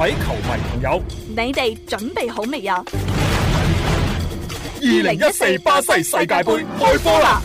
各位球迷朋友，你哋準備好未啊？二零一四巴西世界盃開波啦！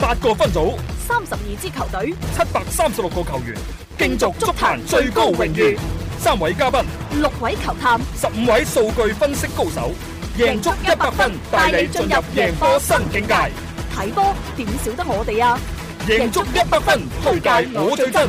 八個分組，三十二支球隊，七百三十六個球員，競逐足壇最高榮譽。三位嘉賓，六位球探，十五位數據分析高手，贏足一百分，帶你進入贏波新境界。睇波點少得我哋啊！贏足一百分推介我最真。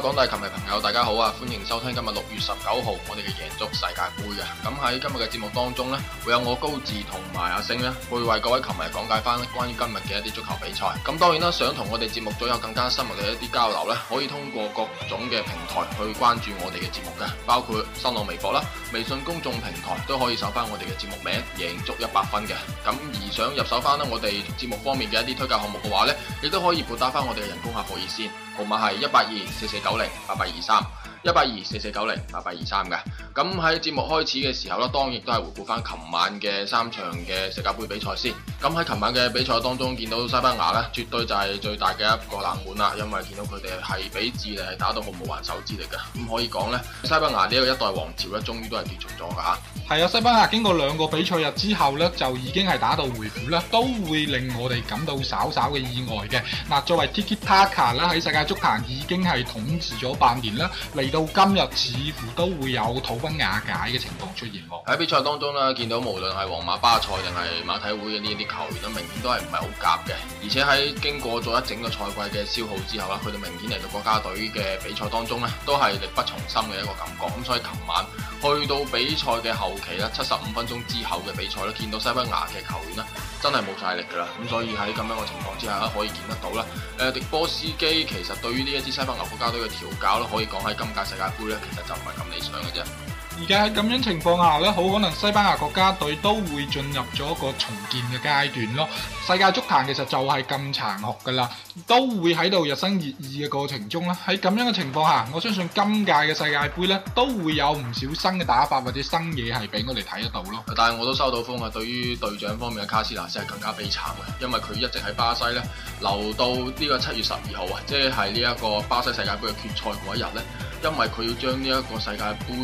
廣大球迷朋友，大家好啊！歡迎收聽今日六月十九號我哋嘅贏足世界杯啊。咁喺今日嘅節目當中呢，會有我高志同埋阿星呢，會為各位球迷講解翻關於今日嘅一啲足球比賽。咁當然啦，想同我哋節目組有更加深入嘅一啲交流呢，可以通過各種嘅平台去關注我哋嘅節目嘅，包括新浪微博啦、微信公眾平台都可以搜翻我哋嘅節目名“贏足一百分”嘅。咁而想入手翻我哋節目方面嘅一啲推介項目嘅話呢，亦都可以撥打翻我哋嘅人工客服熱線。號碼係一八二四四九零八八二三。一八二四四九零八八二三嘅，咁喺節目開始嘅時候咧，當然都係回顧翻琴晚嘅三場嘅世界杯比賽先。咁喺琴晚嘅比賽當中，見到西班牙咧，絕對就係最大嘅一個冷門啦，因為見到佢哋係俾智利係打到毫無還手之力嘅，咁可以講咧，西班牙呢個一代王朝咧，終於都係結束咗嘅吓。係啊，西班牙經過兩個比賽日之後咧，就已經係打道回府啦，都會令我哋感到稍稍嘅意外嘅。嗱，作為 Tiki Taka 啦，喺世界足壇已經係統治咗半年啦，到今日似乎都會有土崩瓦解嘅情況出現。喺比賽當中呢，見到無論係皇馬巴塞定係馬體會嘅呢啲球員明顯都明顯都係唔係好夾嘅。而且喺經過咗一整個賽季嘅消耗之後啦，佢哋明顯嚟到國家隊嘅比賽當中呢，都係力不從心嘅一個感覺。咁所以琴晚去到比賽嘅後期呢，七十五分鐘之後嘅比賽呢，見到西班牙嘅球員呢，真係冇晒力㗎啦。咁所以喺咁樣嘅情況之下咧，可以見得到啦。誒、呃，迪波斯基其實對於呢一支西班牙國家隊嘅調教呢，可以講喺今世界杯咧，其實就唔係咁理想嘅啫。而家喺咁樣情況下咧，好可能西班牙國家隊都會進入咗一個重建嘅階段咯。世界足壇其實就係咁殘酷噶啦，都會喺度日新月異嘅過程中啦。喺咁樣嘅情況下，我相信今屆嘅世界杯咧都會有唔少新嘅打法或者新嘢係俾我哋睇得到咯。但係我都收到風啊，對於隊長方面嘅卡斯拿斯，先係更加悲慘嘅，因為佢一直喺巴西咧留到呢個七月十二號啊，即係呢一個巴西世界杯嘅決賽嗰一日咧，因為佢要將呢一個世界杯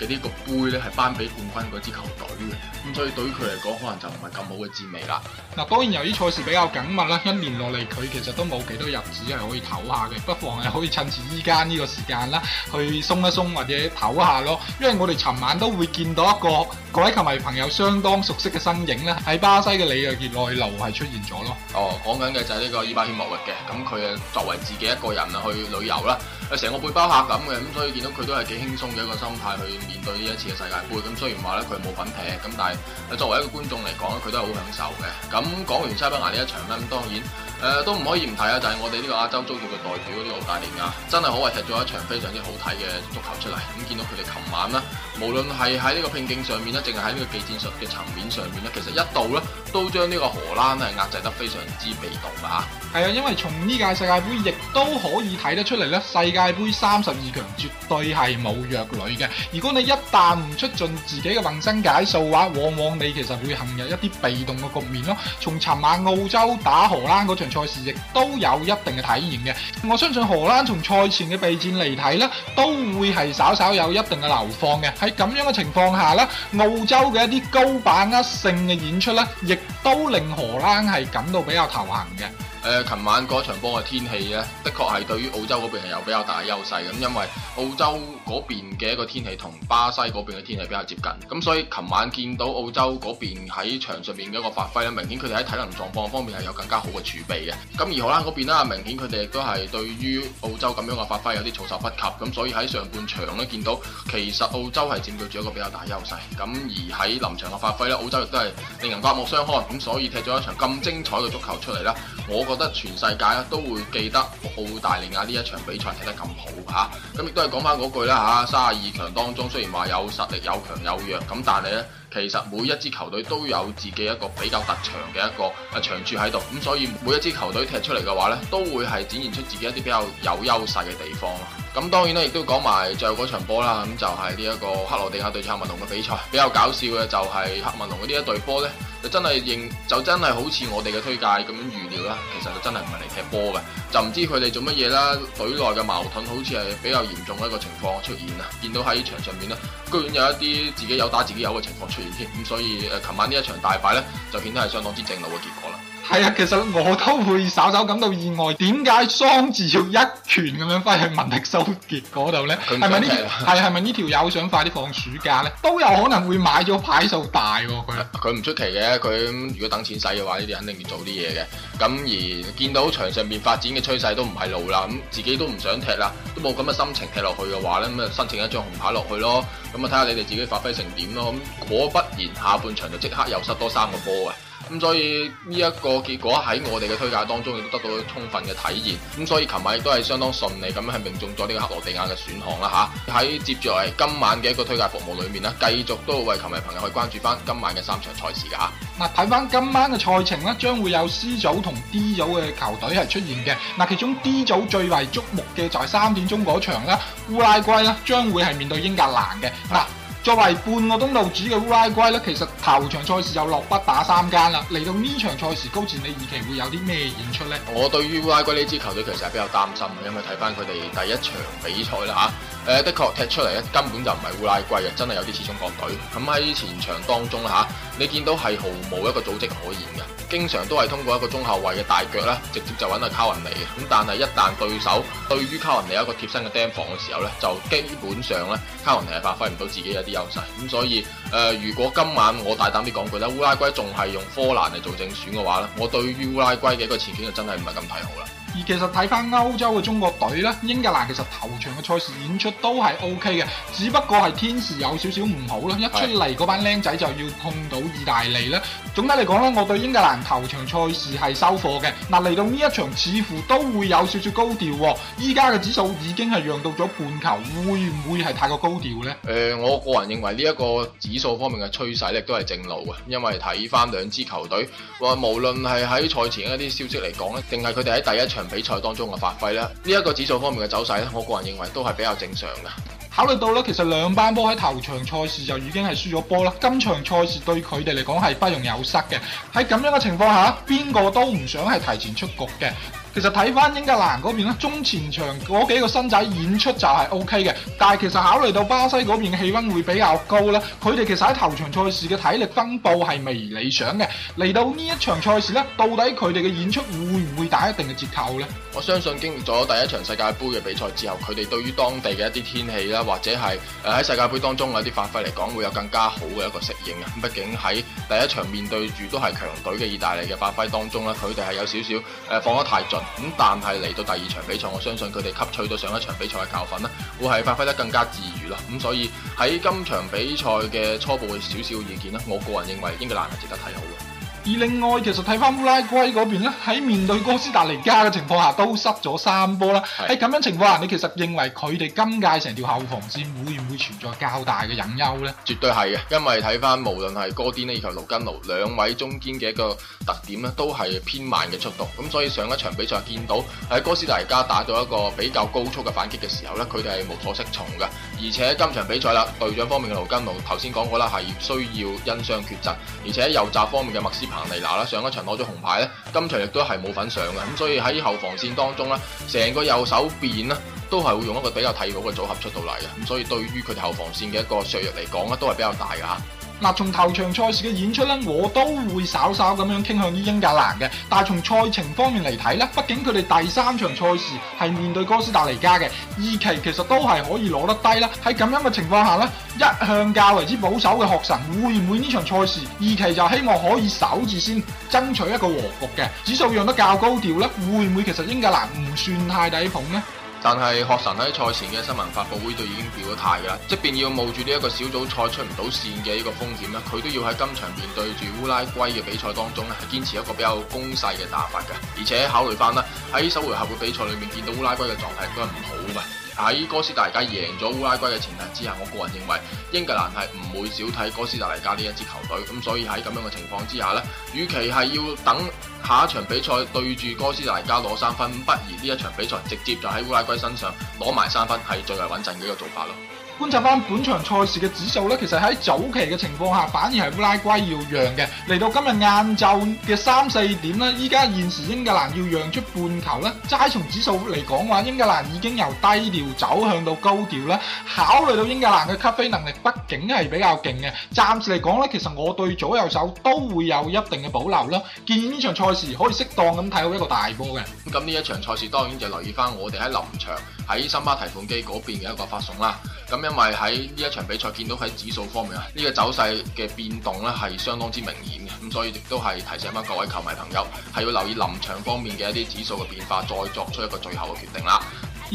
嘅啲。個杯咧係頒俾冠軍嗰支球隊嘅，咁所以對於佢嚟講，可能就唔係咁好嘅滋味啦。嗱，當然由於賽事比較緊密啦，一年落嚟佢其實都冇幾多日子係可以唞下嘅，不妨係可以趁住依家呢個時間啦，去鬆一鬆或者唞下咯。因為我哋尋晚都會見到一個各位球迷朋友相當熟悉嘅身影咧，喺巴西嘅里約熱內盧係出現咗咯。哦，講緊嘅就係呢個伊巴謙莫域嘅，咁佢啊作為自己一個人去旅遊啦。成個背包客咁嘅，咁所以見到佢都係幾輕鬆嘅一個心態去面對呢一次嘅世界盃。咁雖然話咧佢係冇份踢，咁但係作為一個觀眾嚟講咧，佢都係好享受嘅。咁講完西班牙呢一場咧，咁當然。誒、呃、都唔可以唔睇啊！就係、是、我哋呢個亞洲足協嘅代表呢，澳、這個、大利亞真係可謂踢咗一場非常之好睇嘅足球出嚟。咁、嗯、見到佢哋琴晚啦，無論係喺呢個拼勁上面咧，淨係喺呢個技戰術嘅層面上面咧，其實一度咧都將呢個荷蘭係壓制得非常之被動啊！係啊，因為從呢屆世界杯亦都可以睇得出嚟咧，世界杯三十二強絕對係冇弱旅嘅。如果你一旦唔出盡自己嘅渾身解數話，往往你其實會陷入一啲被動嘅局面咯。從尋晚澳洲打荷蘭嗰場。賽事亦都有一定嘅體驗嘅，我相信荷蘭從賽前嘅備戰嚟睇咧，都會係稍稍有一定嘅流放嘅。喺咁樣嘅情況下咧，澳洲嘅一啲高把握性嘅演出咧，亦都令荷蘭係感到比較頭痕嘅。誒，琴晚嗰場波嘅天氣咧，的確係對於澳洲嗰邊係有比較大嘅優勢，咁因為澳洲嗰邊嘅一個天氣同巴西嗰邊嘅天氣比較接近，咁、嗯、所以琴晚見到澳洲嗰邊喺場上面嘅一個發揮咧，明顯佢哋喺體能狀況方面係有更加好嘅儲備嘅。咁、嗯、而荷蘭嗰邊咧，明顯佢哋亦都係對於澳洲咁樣嘅發揮有啲措手不及，咁、嗯、所以喺上半場咧，見到，其實澳洲係佔據住一個比較大優勢，咁、嗯、而喺臨場嘅發揮咧，澳洲亦都係令人刮目相看，咁、嗯、所以踢咗一場咁精彩嘅足球出嚟啦，我覺得全世界咧都會記得澳大利亞呢一場比賽踢得咁好嚇，咁亦都係講翻嗰句啦嚇，三十二強當中，雖然話有實力有強有弱，咁但係咧，其實每一支球隊都有自己一個比較特長嘅一個啊長處喺度，咁所以每一支球隊踢出嚟嘅話咧，都會係展現出自己一啲比較有優勢嘅地方。咁當然啦，亦都講埋最後嗰場波啦。咁就係呢一個克羅地亞對黑文龍嘅比賽，比較搞笑嘅就係黑文龍嘅呢一隊波呢，就真係認，就真係好似我哋嘅推介咁樣預料啦。其實就真係唔係嚟踢波嘅，就唔知佢哋做乜嘢啦。隊內嘅矛盾好似係比較嚴重嘅一個情況出現啦。見到喺場上面呢，居然有一啲自己有打自己有嘅情況出現添。咁所以誒，琴晚呢一場大敗呢，就顯得係相當之正路嘅結果啦。係啊，其實我都會稍稍感到意外，點解桑治要一拳咁樣返去文迪修杰嗰度咧？係咪呢？係咪呢條友想快啲放暑假咧？都有可能會買咗牌數大喎、啊、佢。佢唔出奇嘅，佢如果等錢使嘅話，呢啲肯定要做啲嘢嘅。咁而見到場上面發展嘅趨勢都唔係路啦，咁自己都唔想踢啦，都冇咁嘅心情踢落去嘅話咧，咁啊申請一張紅牌落去咯。咁啊睇下你哋自己發揮成點咯。咁果不然下半場就即刻又失多三個波啊！咁所以呢一個結果喺我哋嘅推介當中亦都得到充分嘅體現，咁所以琴晚亦都係相當順利咁係命中咗呢個克羅地亞嘅選項啦吓。喺接住嚟今晚嘅一個推介服務裏面咧，繼續都為球迷朋友去關注翻今晚嘅三場賽事噶吓。嗱，睇翻今晚嘅賽程咧，將會有 C 組同 D 組嘅球隊係出現嘅。嗱，其中 D 組最為矚目嘅就係三點鐘嗰場啦，烏拉圭啦將會係面對英格蘭嘅嗱。作為半個東道主嘅烏拉圭咧，其實頭場賽事又落筆打三更啦。嚟到呢場賽事，高前你預期會有啲咩演出呢？我對於烏拉圭呢支球隊其實係比較擔心嘅，因為睇翻佢哋第一場比賽啦嚇。誒、呃，的確踢出嚟一根本就唔係烏拉圭嘅，真係有啲似中國隊。咁喺前場當中啦、啊、你見到係毫無一個組織可言嘅。經常都係通過一個中後衞嘅大腳咧，直接就揾到卡雲尼。咁但係一旦對手對於卡雲尼一個貼身嘅釘防嘅時候咧，就基本上咧卡雲尼係發揮唔到自己嘅一啲優勢。咁、嗯、所以誒、呃，如果今晚我大膽啲講句咧，烏拉圭仲係用科蘭嚟做正選嘅話咧，我對於烏拉圭嘅一個前景就真係唔係咁睇好啦。而其實睇翻歐洲嘅中國隊咧，英格蘭其實頭場嘅賽事演出都係 O K 嘅，只不過係天時有少少唔好啦。一出嚟嗰班僆仔就要碰到意大利啦。是總體嚟講咧，我對英格蘭，球場賽事係收貨嘅。嗱，嚟到呢一場似乎都會有少少高調，哦，依家嘅指數已經係讓到咗半球，會唔會係太過高調呢？誒、呃，我個人認為呢一個指數方面嘅趨勢咧都係正路啊，因為睇翻兩支球隊，話無論係喺賽前一啲消息嚟講咧，定係佢哋喺第一場比賽當中嘅發揮咧，呢、這、一個指數方面嘅走勢咧，我個人認為都係比較正常嘅。考慮到啦，其實兩班波喺頭場賽事就已經係輸咗波啦，今場賽事對佢哋嚟講係不容有失嘅。喺咁樣嘅情況下，邊個都唔想係提前出局嘅。其實睇翻英格蘭嗰邊咧，中前場嗰幾個新仔演出就係 OK 嘅，但係其實考慮到巴西嗰邊嘅氣温會比較高咧，佢哋其實喺頭場賽事嘅體力分布係未理想嘅。嚟到呢一場賽事咧，到底佢哋嘅演出會唔會打一定嘅折扣呢？我相信經歷咗第一場世界盃嘅比賽之後，佢哋對於當地嘅一啲天氣啦，或者係呃、喺世界盃當中嘅一啲發揮嚟講，會有更加好嘅一個適應啊。畢竟喺第一場面對住都係強隊嘅意大利嘅發揮當中咧，佢哋係有少少、呃、放得太盡。咁但係嚟到第二場比賽，我相信佢哋吸取咗上一場比賽嘅教訓啦，會係發揮得更加自如啦。咁所以喺今場比賽嘅初步嘅少少意見啦，我個人認為英格蘭係值得睇好嘅。而另外，其實睇翻烏拉圭嗰邊咧，喺面對哥斯達黎加嘅情況下都失咗三波啦。喺咁樣情況下，你其實認為佢哋今屆成條後防線會唔會存在較大嘅隱憂呢？絕對係嘅，因為睇翻無論係哥甸呢以及盧根奴兩位中堅嘅一個特點咧，都係偏慢嘅速度。咁所以上一場比賽見到喺哥斯達黎加打咗一個比較高速嘅反擊嘅時候咧，佢哋係無所適從嘅。而且今場比賽啦，隊長方面嘅盧根奴頭先講過啦，係需要因傷缺陣，而且右閘方面嘅麥斯彭尼拿啦，上一場攞咗紅牌咧，今場亦都係冇份上嘅，咁所以喺後防線當中咧，成個右手邊咧都係會用一個比較替補嘅組合出到嚟嘅，咁所以對於佢哋後防線嘅一個削弱嚟講咧，都係比較大㗎。嗱，從頭場賽事嘅演出咧，我都會稍稍咁樣傾向於英格蘭嘅。但係從賽程方面嚟睇咧，畢竟佢哋第三場賽事係面對哥斯達黎加嘅，二期其，其實都係可以攞得低啦。喺咁樣嘅情況下咧，一向較為之保守嘅學神會唔會呢場賽事二期就希望可以守住先爭取一個和局嘅？指數用得較高調咧，會唔會其實英格蘭唔算太抵捧呢？但係，霍神喺賽前嘅新聞發布會就已經表咗態噶啦，即便要冒住呢一個小組賽出唔到線嘅呢個風險咧，佢都要喺今場面對住烏拉圭嘅比賽當中咧，係堅持一個比較攻勢嘅打法噶，而且考慮翻啦，喺首回合嘅比賽裏面見到烏拉圭嘅狀態都係唔好嘛。喺哥斯達黎加贏咗烏拉圭嘅前提之下，我個人認為英格蘭係唔會少睇哥斯達黎加呢一支球隊，咁所以喺咁樣嘅情況之下呢，與其係要等下一場比賽對住哥斯達黎加攞三分，不如呢一場比賽直接就喺烏拉圭身上攞埋三分，係最為穩陣嘅一個做法咯。觀察翻本場賽事嘅指數咧，其實喺早期嘅情況下，反而係烏拉圭要讓嘅。嚟到今日晏晝嘅三四點咧，依家現時英格蘭要讓出半球咧。齋從指數嚟講話，英格蘭已經由低調走向到高調啦。考慮到英格蘭嘅吸飛能力，畢竟係比較勁嘅。暫時嚟講咧，其實我對左右手都會有一定嘅保留啦。建議呢場賽事可以適當咁睇好一個大波嘅。咁呢一場賽事當然就留意翻我哋喺臨場喺森巴提款機嗰邊嘅一個發送啦。咁因為喺呢一場比賽見到喺指數方面啊，呢個走勢嘅變動咧係相當之明顯嘅，咁所以亦都係提醒翻各位球迷朋友，係要留意臨場方面嘅一啲指數嘅變化，再作出一個最後嘅決定啦。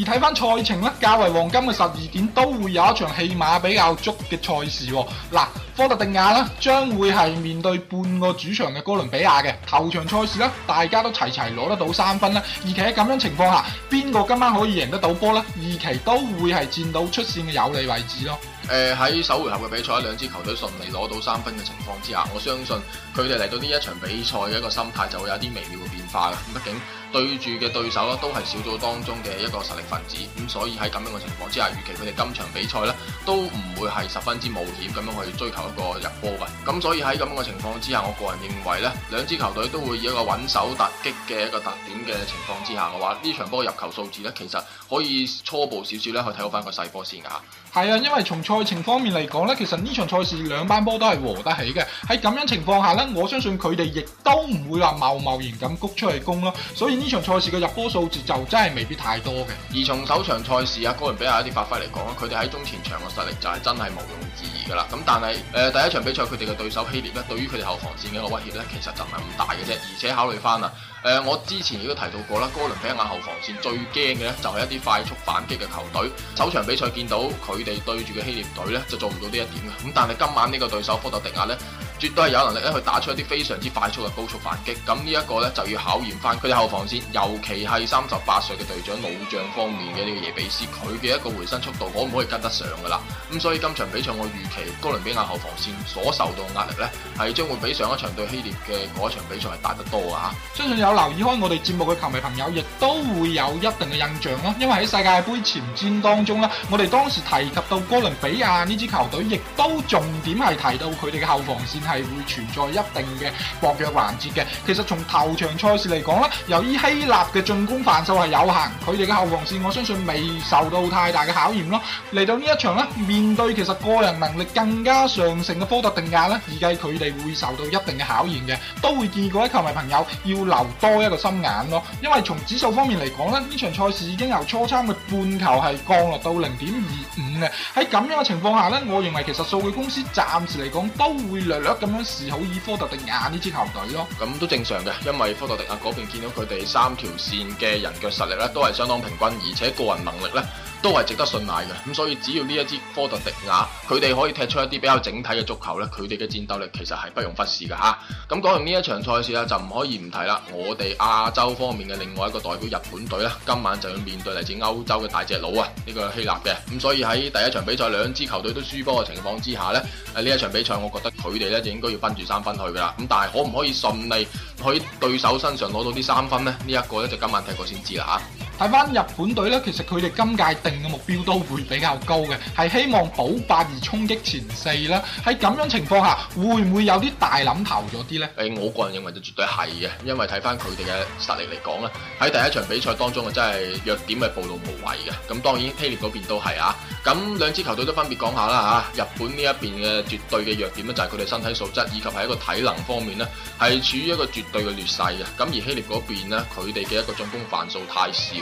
而睇翻賽程呢較為黃金嘅十二點都會有一場戲碼比較足嘅賽事。嗱，科特迪亞呢將會係面對半個主場嘅哥倫比亞嘅頭場賽事呢，大家都齊齊攞得到三分啦，而且喺咁樣情況下，邊個今晚可以贏得到波呢？二期都會係佔到出線嘅有利位置咯。誒、呃，喺首回合嘅比賽，兩支球隊順利攞到三分嘅情況之下，我相信佢哋嚟到呢一場比賽嘅一個心態就會有啲微妙嘅變化嘅。畢竟。對住嘅對手咧都係小組當中嘅一個實力分子，咁所以喺咁樣嘅情況之下，預期佢哋今場比賽咧都唔會係十分之冒險咁樣去追求一個入波嘅。咁所以喺咁樣嘅情況之下，我個人認為咧，兩支球隊都會以一個穩守突擊嘅一個特點嘅情況之下嘅話，呢場波入球數字咧，其實可以初步少少咧去睇到翻個細波先嘅吓。係啊，因為從賽程方面嚟講咧，其實呢場賽事兩班波都係和得起嘅。喺咁樣情況下咧，我相信佢哋亦都唔會話貿貿然咁谷出去攻咯。所以呢場賽事嘅入波數字就真係未必太多嘅。而從首場賽事啊，哥倫比亞一啲發揮嚟講，佢哋喺中前場嘅實力就係真係毋庸置疑噶啦。咁但係誒、呃、第一場比賽佢哋嘅對手希臘咧，對於佢哋後防線嘅個威脅咧，其實就唔係咁大嘅啫。而且考慮翻啦誒、呃，我之前亦都提到過啦，哥倫比亞後防線最驚嘅咧，就係一啲快速反擊嘅球隊。首場比賽見到佢哋對住嘅希臘隊咧，就做唔到呢一點嘅。咁但係今晚呢個對手科特迪瓦咧。絕對係有能力咧去打出一啲非常之快速嘅高速反擊，咁呢一個呢，就要考驗翻佢哋後防線，尤其係三十八歲嘅隊長老將方面嘅呢個耶比斯，佢嘅一個回身速度可唔可以跟得上噶啦？咁所以今場比賽我預期哥倫比亞後防線所受到嘅壓力呢，係將會比上一場對希臘嘅嗰一場比賽係大得多啊！相信有留意開我哋節目嘅球迷朋友，亦都會有一定嘅印象啦，因為喺世界盃前戰當中呢，我哋當時提及到哥倫比亞呢支球隊，亦都重點係提到佢哋嘅後防線。係會存在一定嘅薄弱環節嘅。其實從頭場賽事嚟講咧，由於希臘嘅進攻範疇係有限，佢哋嘅後防線我相信未受到太大嘅考驗咯。嚟到呢一場咧，面對其實個人能力更加上乘嘅科特迪瓦咧，預計佢哋會受到一定嘅考驗嘅，都會建議各位球迷朋友要留多一個心眼咯。因為從指數方面嚟講咧，呢場賽事已經由初倉嘅半球係降落到零點二五。喺咁樣嘅情況下呢，我認為其實數據公司暫時嚟講都會略略咁樣示好以科特迪瓦呢支球隊咯。咁都正常嘅，因為科特迪瓦嗰邊見到佢哋三條線嘅人腳實力呢都係相當平均，而且個人能力呢，都係值得信賴嘅，咁所以只要呢一支科特迪瓦，佢哋可以踢出一啲比較整體嘅足球，呢佢哋嘅戰鬥力其實係不容忽視嘅吓。咁講完呢一場賽事啊，就唔可以唔提啦。我哋亞洲方面嘅另外一個代表日本隊咧，今晚就要面對嚟自歐洲嘅大隻佬啊，呢個希臘嘅。咁所以喺第一場比賽兩支球隊都輸波嘅情況之下呢，呢一場比賽我覺得佢哋呢就應該要分住三分去噶啦。咁但係可唔可以順利喺對手身上攞到啲三分呢？呢一個呢，就今晚睇過先知啦吓。睇翻日本隊咧，其實佢哋今屆定嘅目標都會比較高嘅，係希望保八而衝擊前四啦。喺咁樣情況下，會唔會有啲大諗頭咗啲呢？誒，我個人認為就絕對係嘅，因為睇翻佢哋嘅實力嚟講咧，喺第一場比賽當中啊，真係弱點係暴露無遺嘅。咁當然希臘嗰邊都係啊。咁兩支球隊都分別講下啦嚇。日本呢一邊嘅絕對嘅弱點咧，就係佢哋身體素質以及係一個體能方面呢，係處於一個絕對嘅劣勢嘅。咁而希臘嗰邊咧，佢哋嘅一個進攻犯數太少。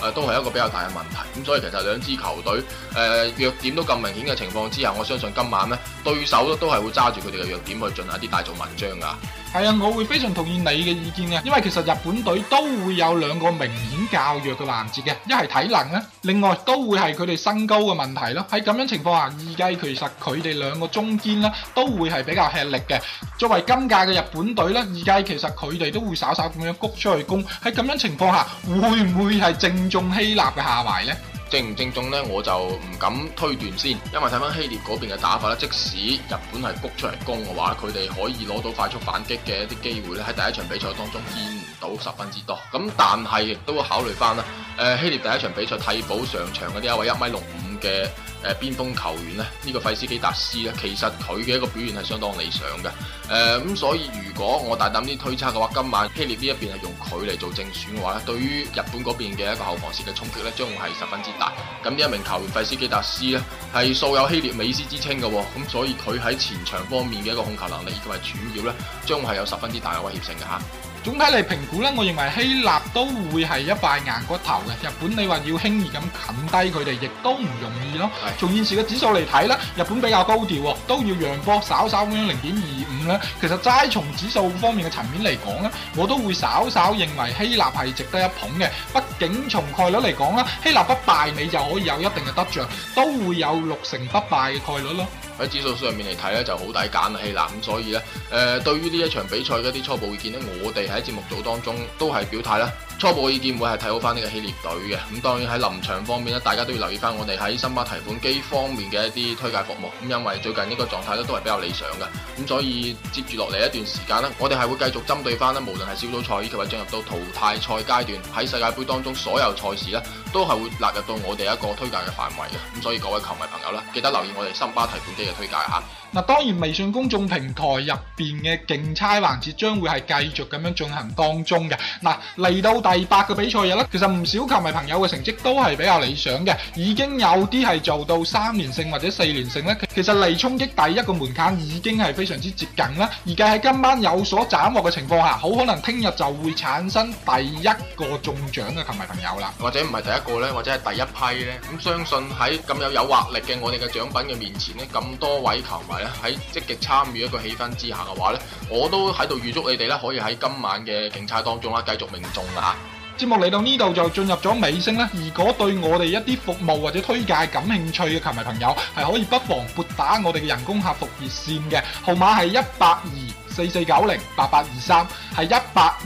誒都係一個比較大嘅問題，咁所以其實兩支球隊誒、呃、弱點都咁明顯嘅情況之下，我相信今晚咧對手咧都係會揸住佢哋嘅弱點去進行一啲大做文章噶。係啊、哎，我會非常同意你嘅意見嘅，因為其實日本隊都會有兩個明顯較弱嘅環節嘅，一係體能啦，另外都會係佢哋身高嘅問題咯。喺咁樣情況下，二計其實佢哋兩個中堅啦都會係比較吃力嘅。作為今屆嘅日本隊咧，二計其實佢哋都會稍稍咁樣谷出去攻。喺咁樣情況下，會唔會係正中希臘嘅下懷呢？正唔正宗呢，我就唔敢推斷先，因為睇翻希臘嗰邊嘅打法咧，即使日本係谷出嚟攻嘅話，佢哋可以攞到快速反擊嘅一啲機會咧，喺第一場比賽當中見唔到十分之多。咁但係亦都會考慮翻啦，誒、呃、希臘第一場比賽替補上場嗰一位一米六，嘅誒邊鋒球員咧，呢、這個費斯基達斯咧，其實佢嘅一個表現係相當理想嘅。誒、呃、咁，所以如果我大膽啲推測嘅話，今晚希臘呢一邊係用佢嚟做正選嘅話咧，對於日本嗰邊嘅一個後防線嘅衝擊咧，將會係十分之大。咁呢一名球員費斯基達斯咧，係素有希臘美斯之稱嘅喎，咁所以佢喺前場方面嘅一個控球能力，以及係傳邀咧，將會係有十分之大嘅威脅性嘅嚇。總體嚟評估咧，我認為希臘都會係一塊硬骨頭嘅。日本你話要輕易咁啃低佢哋，亦都唔容易咯。從現時嘅指數嚟睇咧，日本比較高調，都要讓波稍稍咁樣零點二五咧。其實齋從指數方面嘅層面嚟講咧，我都會稍稍認為希臘係值得一捧嘅。畢竟從概率嚟講啦，希臘不敗你就可以有一定嘅得着，都會有六成不敗嘅概率咯。喺指數上面嚟睇咧，就好大揀氣啦，咁所以咧、呃、對於呢一場比賽嗰啲初步意見咧，我哋喺節目組當中都係表態啦。初步嘅意見會係睇好翻呢個希臘隊嘅，咁當然喺臨場方面咧，大家都要留意翻我哋喺森巴提款機方面嘅一啲推介服務，咁因為最近呢個狀態咧都係比較理想嘅，咁所以接住落嚟一段時間咧，我哋係會繼續針對翻咧，無論係小組賽以及進入到淘汰賽階段喺世界盃當中所有賽事咧，都係會納入到我哋一個推介嘅範圍嘅，咁所以各位球迷朋友咧，記得留意我哋森巴提款機嘅推介嚇。嗱，當然微信公眾平台入邊嘅競猜環節將會係繼續咁樣進行當中嘅。嗱，嚟到第八個比賽日啦，其實唔少球迷朋友嘅成績都係比較理想嘅，已經有啲係做到三連勝或者四連勝咧。其實嚟衝擊第一個門檻已經係非常之接近啦。而家喺今晚有所斬獲嘅情況下，好可能聽日就會產生第一個中獎嘅球迷朋友啦，或者唔係第一個咧，或者係第一批咧。咁、嗯、相信喺咁有誘惑力嘅我哋嘅獎品嘅面前咧，咁多位球迷。喺積極參與一個氣氛之下嘅話呢，我都喺度預祝你哋咧可以喺今晚嘅競猜當中啦繼續命中啊！節目嚟到呢度就進入咗尾聲啦。如果對我哋一啲服務或者推介感興趣嘅球迷朋友，係可以不妨撥打我哋嘅人工客服熱線嘅號碼係一八二四四九零八八二三，係一八二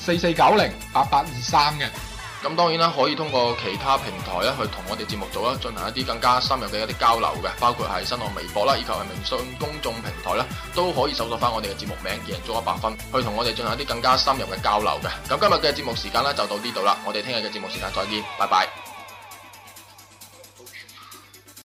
四四九零八八二三嘅。咁當然啦，可以通過其他平台咧去同我哋節目組咧進行一啲更加深入嘅一啲交流嘅，包括係新浪微博啦，以及係微信公眾平台啦，都可以搜索翻我哋嘅節目名，贏咗一百分，去同我哋進行一啲更加深入嘅交流嘅。咁今日嘅節目時間咧就到呢度啦，我哋聽日嘅節目時間再見，拜拜。